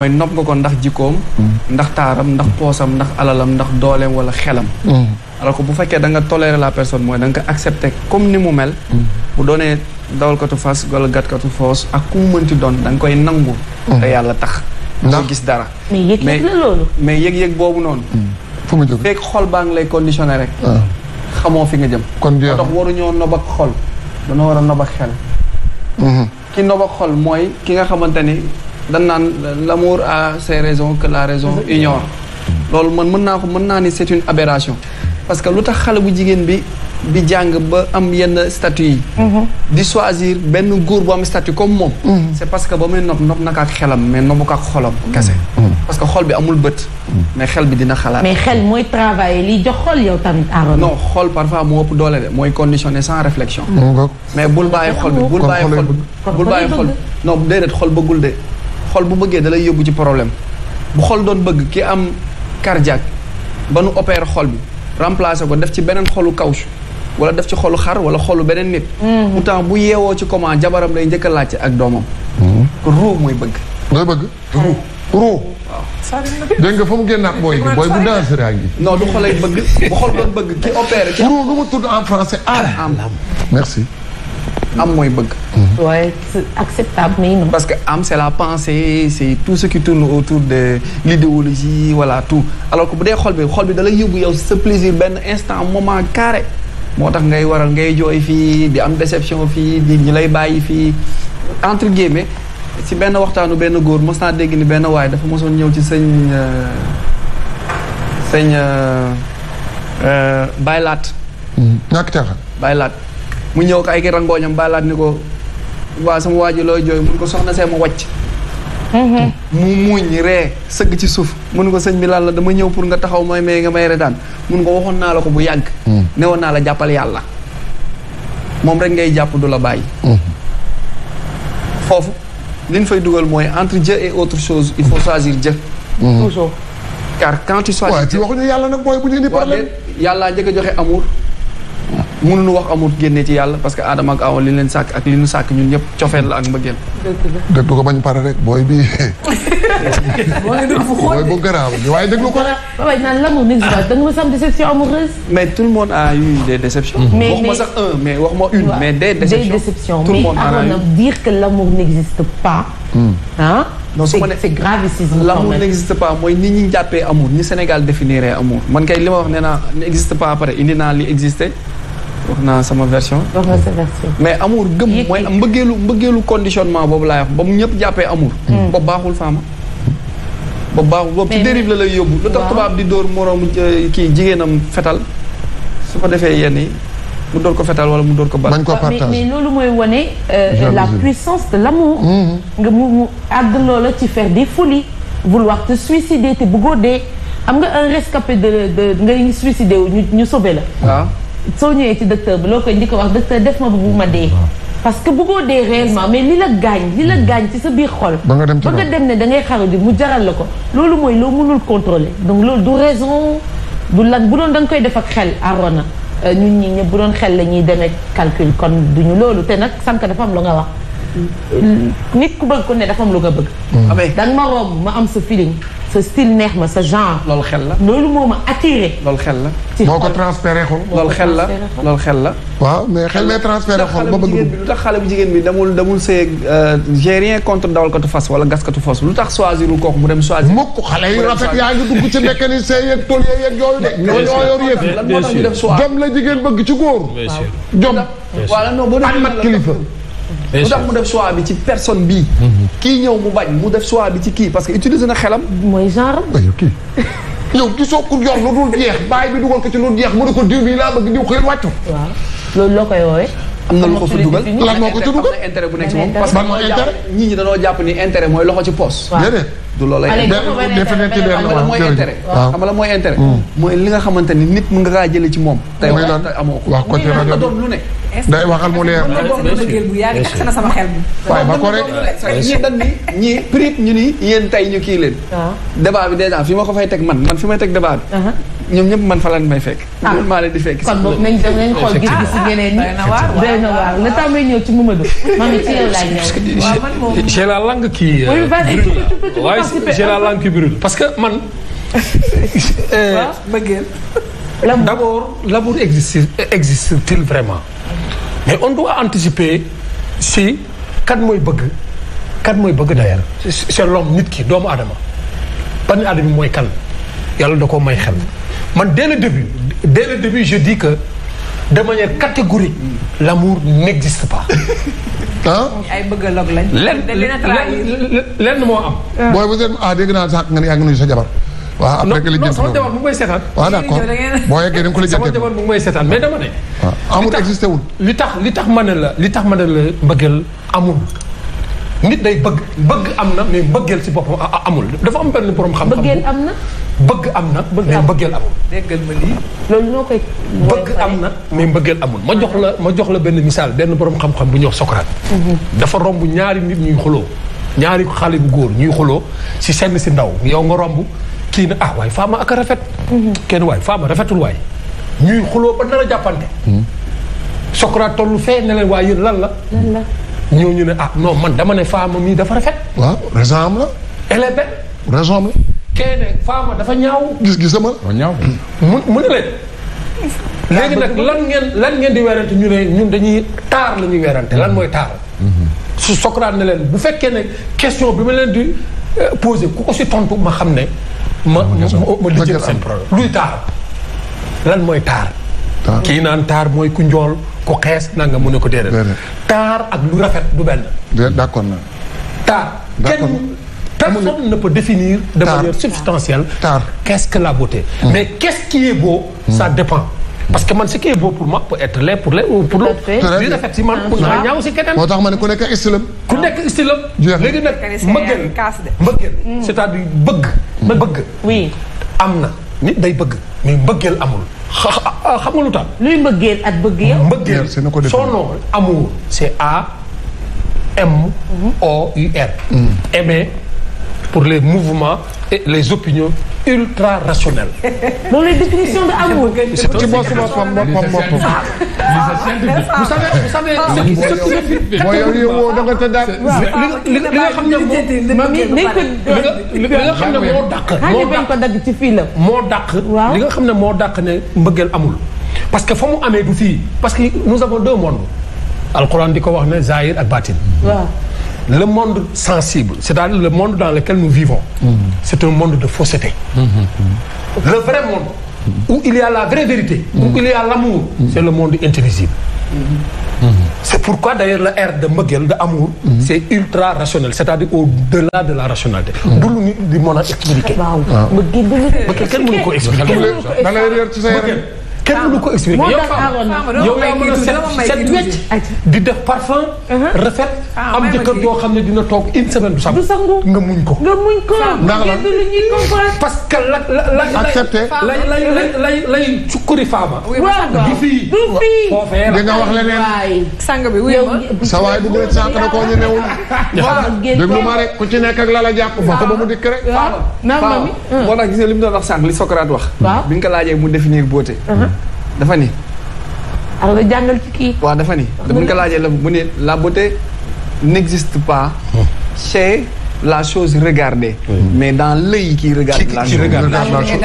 mooy nopp nga ko ndax jikkoom mm. ndax taaram ndax poosam ndax alalam ndax dooleem wala xelam mm. alors que bu fekkee da nga tolérer la personne mooy da nga ko accepter comme ni mu mel mm. bu doonee dawalkatu fas wala gàtkatu foos ak ku mu mënti doon da koy nangu te yàlla tax doo gis dara mais yëg-yëg mais yëg-yëg boobu noonu fu mu jóg fekk xol baa ngi lay conditionné rek ah. xamoo fi nga jëm kon moo tax waruñoo nob ak xol dañoo war a nob ak xel mm-hmm. ki nob ak xol mooy ki nga xamante ni dañ naan l'amour a ses raisons que la raison ignore loolu man mën naa ko mën naa ni c'est une aberration parce que lu tax xale bu jigéen bi bi jàng ba am yenn statut yi mhm. di choisir benn góor bu am statut comme moom mhm. c'est parce que ba muy nopp nopp naka ak xelam mais noppu ko ak xolam mhm. parce que xol bi amul bët mais xel bi dina xalaat mais xel mooy travail li jox xol yow tamit Arona non xol parfois moo ëpp doole de mooy conditionné sans réflexion mais bul bàyyi xol bi bul bàyyi xol bi bul bàyyi xol xol bu bëggee da lay yóbbu ci problème bu xol doon bëgg ki am cardiaque ba nu opère xol bi remplacer ko def ci beneen xolu kawsu wala def ci xolu xar wala xolu beneen nit. Mm-hmm. temps bu yeewoo ci comment jabaram lay njëkk a laajte ak doomam. Mm-hmm. kon mooy bëgg. mooy bëgg. ruu ruu. waaw dégg nga fa mu génnaat booy bi ak gi. non du xolay bëgg bu xol doon bëgg ki opéré. ruu lu mu tudd en français âme. merci. am mooy bëgg. waaye c'est acceptable mais parce que am c'est la pensée c'est tout ce qui tourne autour de l'idéologie voilà tout alors que bu dee xol bi xol bi da lay yóbbu yow sa plaisir benn instant moment carré moo tax ngay waral ngay jooy fii di am déception fii di ñi lay bàyyi fii entre guillemets si benn waxtaanu benn góor mos naa dégg ni benn waaye dafa mosoon ñëw ci sëñ euh, sëñ euh, euh, baylaat. Hmm. ñàkk teexal baylaat. mu ñëw ko ay ki rangooñam baalaat ni ko waa sama waa ji looy jooy mun ko soxna see ma wàcc mm-hmm. mu muuñ ree sëgg ci suuf mun ko sëñ bi lan la dama ñëw pour nga taxaw may may nga may retaan mun nga waxoon naa la ko bu yàgg mm. ne woon naa la jàppal yàlla moom rek ngay jàpp du la bàyyi mm-hmm. foofu li fay dugal mooy entre Dieu et autre chose il faut choisir Dieu mm-hmm. toujours car quand tu choisis waxuñu yàlla nag mooy bu ñu indi problème yàllaa njëkk a joxe amour mënuñu wax amut génne ci yàlla parce que adama ak li leen sàkk ak li ñu sàkk ñun ñëpp cofeel la ak mbëggeel déglu ko bañ pare rek booy bi booy bu garaaw bi waaye déglu ko rek naan l'amour n'existe da nga déception mais tout le monde a eu des déceptions wax ma sax mais wax ma une mais des déceptions tout le monde a eu dire que l'amour n'existe pas ah non su ma ne c'est gravissime l'amour n'existe pas mooy nit ñi jàppee amour ni Sénégal définiree man kay li ma wax nee naa n'existe pas après indi naa li existé wax naa sama version. wax nga sa version. mais amour gëm mooy mbëggeelu mbëggeelu conditionnement boobu laay wax ba mu ñëpp jàppee amour. Hmm. boobu baaxul faama. boobu baaxul boobu ci dérive la lay yóbbu. lu tax di dóor moroomu euh, kii jigéenam fetal su ko defee yenn yi. ko fetal wala mu door ko bal. nañ ko mais loolu mooy wane. Euh, la puissance de l' hmm. nga mu mu àgg loola ci faire des folies. vouloir te suicider te bëggoo dee. xam nga un rescapé de de ngay suicider ñu ñu la. waaw ah. soo ñëwee ci docteur bi loo koy njëkk a wax docteur def ma ba bu ma dee. Ah. parce que bëggoo dee réellement mais li la gaañ li la gaañ ci sa biir xol. ba nga dem ba nga dem ne da ngay xaru ji mu jaral la ko. loolu mooy loo mënul contrôler donc loolu du raison du lan bu doon da koy defak ak xel arona euh, ñun ñi ñëpp bu doon xel la ñuy demee calcul kon duñu loolu te nag sànq dafa am lu nga wax. Mm. nit ku bëgg ko ne dafa am lu nga bëgg. Mm. Ah, da nga ma romb ma am sa feeling. sa style neex ma sa genre. loolu xel la loolu moo ma attiré. loolu xel la. ci xol boo ko transféré xol. loolu xel la loolu xel la. waaw mais xel lay transféré xol ba bëgg. lu tax xale bu jigéen bi damul damul see euh, j'ai rien contre dawalkatu fas wala gaskatu fas lu tax choisirul kooku mu dem choisir. mukk xale yi rafet yaa ngi dugg ci mécanicien yeeg tool yeeg yooyu de. ñoo ñoo yor yëf lan moo tax ñu def choix. jom la jigéen bëgg ci góor. bien sûr jom. bien sûr wala non boo demee kilifa. mu tax mu def choix bi ci personne bii. Mhm. kii ñëw mu bañ mu def choix bi kii parce que utiliser na xelam. mooy genre kii. yow ki soo ko yor lu dul jeex bàyyi bi dugal ko ci lu mu ne ko bi laa bëgg diw xëy wàccu. waaw loolu loo koy woowee. am na lu dugal lan moo ko ci dugal que ñii ñi jàpp ni intérêt mooy loxo ci poos. du loolay. mooy intérêt xam la mooy intérêt mooy li nga xamante ni nit mu nga kaa jëlee ci moom. tey wax amoo ko. wax ko ci rajo doon lu ne. day waxal mu leer. na sama xel bi. waaye ba ko rek. ñii dañ ni ñii prix ñu ni yéen tey ñu kii leen. débat bi dèjà fi ma ko fay teg man man fi may teg débat bi. ñoom ñëpp man fa lan may fekk. ah man maa leen di fekk. kon boobu nañ dem nañ xool gis-gis ñeneen ñi. Ah, may ñëw ci Mamadou. Mamy ci man moom j'ai la langue qui. Euh, oui parce que man. waaw euh, bëggeel. l'amour d'abord existe existe-t-il vraiment. mais on doit anticiper si kan mooy bëgg kan mooy bëgg d'ailleurs c'est l'homme nit ki doomu aadama ban aadama mooy kan yàlla da koo may xel. man dès de début dès le début je dis que de manière catégorique l'amour n'existe pas. ah. ay bëgg a log lañ. lenn lenn moo am. booy bu seen ah dégg naa sànq nga ni ak nuyu sa jabar. waaw après que li jënd sama jabar bu may seetaan. waaw d'accord boo yeggee da nga ko la sama bu may seetaan mais dama ne. amul wul. li tax li tax ma ne la li tax ma ne la mbëggeel amul. nit day bëgg bëgg am na mais bëggeel si boppam amul dafa am benn borom xam-xam. bëggeel am na. bëgg am na mais mbëggeel amul. déggal ma lii. loolu noo koy. bëgg am na mais mbëggeel amul ma jox la ma jox la benn misaal benn boroom xam-xam bu ñuy wax Socrate. Mhm. dafa romb ñaari nit ñuy xuloo ñaari xale bu góor ñuy xuloo si senn si ndaw yow nga romb kii na ah waaye faama ak rafet. Mhm. kenn waay faama rafetul waay ñuy xuloo ba nar a jàppante. Mhm. Socrate tollu fee ne leen waaye yéen lan la. ñoo ñu ne ah non man dama ne faama mii dafa rafet. waaw raison am la. elle raison am la. kee ne faama dafa ñaaw. gis-gisama. sama ñaaw mu mu ne leen. léegi nag lan ngeen lan ngeen di werante ñu ne ñun dañuy taar la ñuy werante lan mooy taar. su Socrate ne leen bu fekkee ne question bi ma leen di euh, posé ku ko si tontu ma xam ne. ma ma ma lijjël seen problème luy taar lan mooy taar. Ah. kii naan taar mooy ku njool ku xees na nga mën a ko déedéet. taar ak lu rafet du benn. d'accord na. taar kenn personne ne peut définir de manière substantielle. taar qu'est-ce que la beauté. Mmh. mais qu'est-ce qui est beau. Mmh. ça dépend. parce que man si qui est beau pour moi peut être laid pour laid ou pour l'autre. li rafet si man mun naa ñaaw si keneen. moo tax ma ne ku nekk istilam. ku nekk istilam. léegi nag mbëggeel mbëggeel mmh. c'est-à-dire bëgg. bëgg oui. am na nit day bëgg mais mbëggeel amul. Ah, ah, xam nga lu tax. luy mbëggeel ak bëgg yow. mbëggeel son nom amour c'est A M O U R. aimer mm. eh pour les mouvements. et les opinions ultra rationnelles. Dans les définitions de amour. C'est bon, c'est bon, Vous savez, vous savez, ce qui ce Mooy yow da nga te dàq. Li nga xam ne li nga xam ne moo dàq. moo dàq ko dagg ci fii la. moo dàq. li nga xam ne moo dàq ne mbëggeel amul. parce que fa mu amee du fii parce que nous avons deux mondes. alxuraan di ko wax ne zahir ak baatin. waaw. le monde sensible c'est-à-dire le monde dans lequel nous vivons c'est un monde de fausseté le vrai monde où il y a la vraie vérité où il y a l'amour c'est le monde intelligible c'est pourquoi d'ailleurs la ère de mbëggeel de amour c'est ultra c'est-à-dire au-delà de la rationalité du lu di mën a expliquer waaw mbëggeel kenn mënu kenn mënu ko expliqué yow mën a set wecc di def parfum uh-huh. rafet ah, am jëkkër joo xam ne dina toog une semaine du sangu nga muñ ko nga muñ ko parce que la la la lay lay sukkuri faama du fii foofee la nga wax leneen sang bi sa waay dugg rek sànq na koo ñemewul déglu ma rek ku ci nekk ak la la jàpp ba ko ba mu dikk rek faama moo tax gis nga li mu doon wax sànq li Socrate wax bi nga ko laajee mu définir beauté uh-huh. dafa ni. alors que jàngal ci kii. waaw dafa ni bu ñu ko laajee la mu ne la beauté n'existe pas hmm. chez la chose regardée. Hmm. mais dans l'œil qui regarde. la chose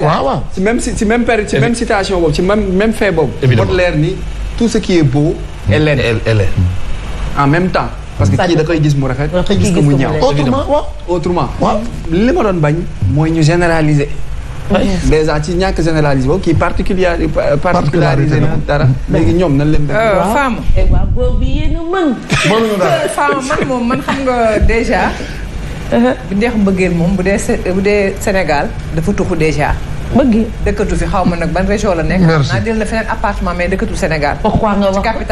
waaw ci même ci même période ci même situation boobu ci même même fait boobu. évidemment leer ni tout ce qui est beau. Hmm. est laid en même temps. parce que kii da koy gis mu rafet. gis ko mu ñaaw autrement waaw. autrement ma doon bañ. mooy ñu généraliser. déjà ci ñàkk généralisé boobu kii particulari euh, particularisé na dara léegi ñoom nan leen def euh, femme eh, waaw góor bi yéen a mën euh, man moom man xam nga déjà uh-huh. bu neex mbëggeel moom bu dee bu dee Sénégal dafa tuxu déjà bëgg dëkkatu fi xaw ma nag ban région la nekk naa jël na feneen appartement mais dëkkatu Sénégal pourquoi bi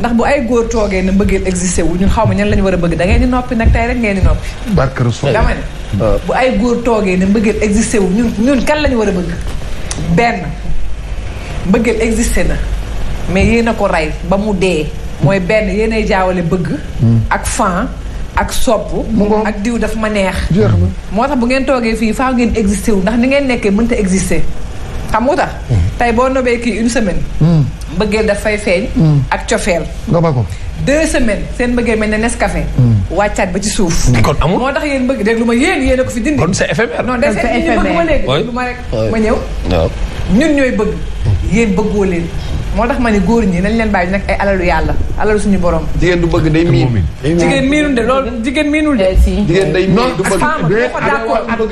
ndax bu ay góor toogee ne mbëggeel existé wu ñu xaw ma ñan la ñu war a bëgg da ngeen di noppi nag tey rek ngeen di noppi dama bu ay góor toogee ne mbëggeel existé wu ñun ñun kan lañu war a bëgg. benn mbëggeel existe na mais yéen a ko rey ba mu dee. mooy benn yéenay jaawale bëgg. ak fan ak sopp. ak diw daf ma neex. moo tax bu ngeen toogee fii faaw ngeen existé wu ndax ni ngeen nekkee mënta existé xam nga tax. Hmm. tey boo nobee kii une semaine. Hmm. mbëggeel dafay feeñ. Mm. ak cofeel nga ba ko. deux semaines seen mbëggeel mel ne Nescafé. Mm. wàccaat ba ci suuf. Mm. kon amul moo tax yeen bëgg lu ma yéen yéen ko fi dindi. kon c'est éphémère. non des ñu bëgg ma léegi. ma rek ma ñëw. ñun ñooy bëgg. yéen bëggoo leen. moo tax ma ni góor ñi nañ leen bàyyi ñu nekk ay alalu yàlla alalu suñu borom. du bëgg day miin. jigéen miinul de loolu jigéen miinul de. Eh, jigéen day miin du bëgg. non d'accord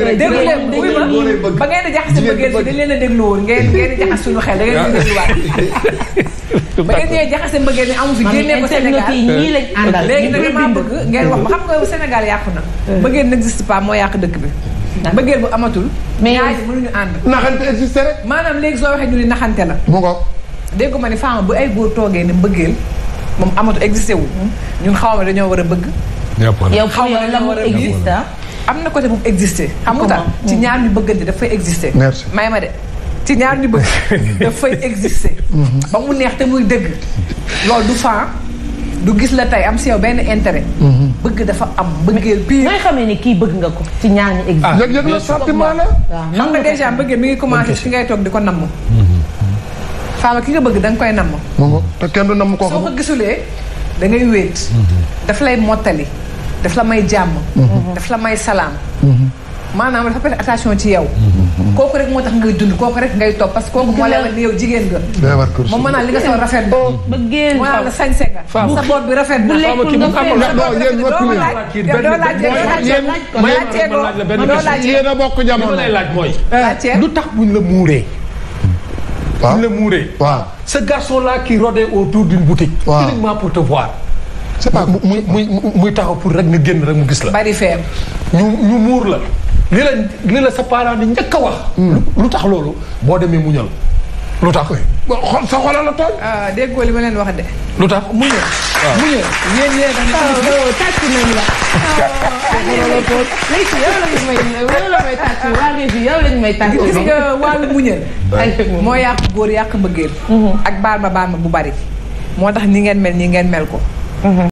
ba ngeen di dañ leen a déglu woon ngeen ngeen suñu xel da ngeen di dégluwaat. ba ngeen ñëwee jaxase mbëggee ni amu fi génnee ko Sénégal ñii lañ àndal. léegi nag damaa bëgg ngeen wax ma xam nga Sénégal yàqu na. Eh. bëggee n'existe pas moo yàq dëkk bi bëggeel bu amatul. mais ñaari mënuñu ànd. naxante existé rek. maanaam léegi soo waxee ñu ni naxante la. déggu ma ni femme bu ay góor toogee ni mbëggeel moom amatu existé wu ñun xaw ma dañoo war a bëgg. yow xaw ma dañoo war a existé am na côté bu existé. xam nga tax ci ñaar ñu bëggante dafay existé. merci may ma de ci ñaar ñu bëgg dafay existé. Mhm. ba mu neex te muy dëgg loolu du femme du gis la tey am si yow benn intérêt. Mhm. bëgg dafa am bëggeel pire. mooy xamee ni kii bëgg nga ko ci ñaar ñu existé. ah yëg-yëg la sentiment la. xam nga dèjà mbëggeel mi ngi commencé fi ngay toog di ko namm. Mhm. faama ki nga bëgg da nga koy namm. moom te kenn du namm koo xam ko gisulee da ngay wéet. Mhm. daf lay mottali daf la may jàmm. Mhm. daf la may salaam. Mhm. maanaam dafa perte attention ci yow. kooku rek moo tax ngay dund kooku rek ngay topp parce que kooku moo lay wax ni yow jigéen nga. moom maanaam li nga sol rafet na. Oh, bëggee waaw sañse nga. sa bopp bi rafet bu lekkul nga fay la non yéen ma doo laaj doo laaj la benn question a bokk jamono. li ma laaj mooy. du tax buñ la muuree. waaw ñu la muuree. sa ce garçon kii rode rôdait autour d'une boutique. waaw uniquement pour te voir. c'est mu muy muy muy taxaw pour rek nga génn rek mu gis la. bari feem ñu ñu muur la. li la li la sa parent di njëkk a wax. Hmm. lu tax loolu boo demee muñal. lu tax sa xoolal la tooñ. Ah, déggoo li ma leen wax de. lu tax mu ñëw. waaw ah. mu ñëw yéen yéen a. Ah, waaw tàcc nañ la. yow lañ may tàcc gis nga moo yàq góor yàq mbëggeel. Mm-hmm. ak baal ma baal ma bu bari. moo tax ni ngeen mel nii ngeen mel ko. Mm-hmm.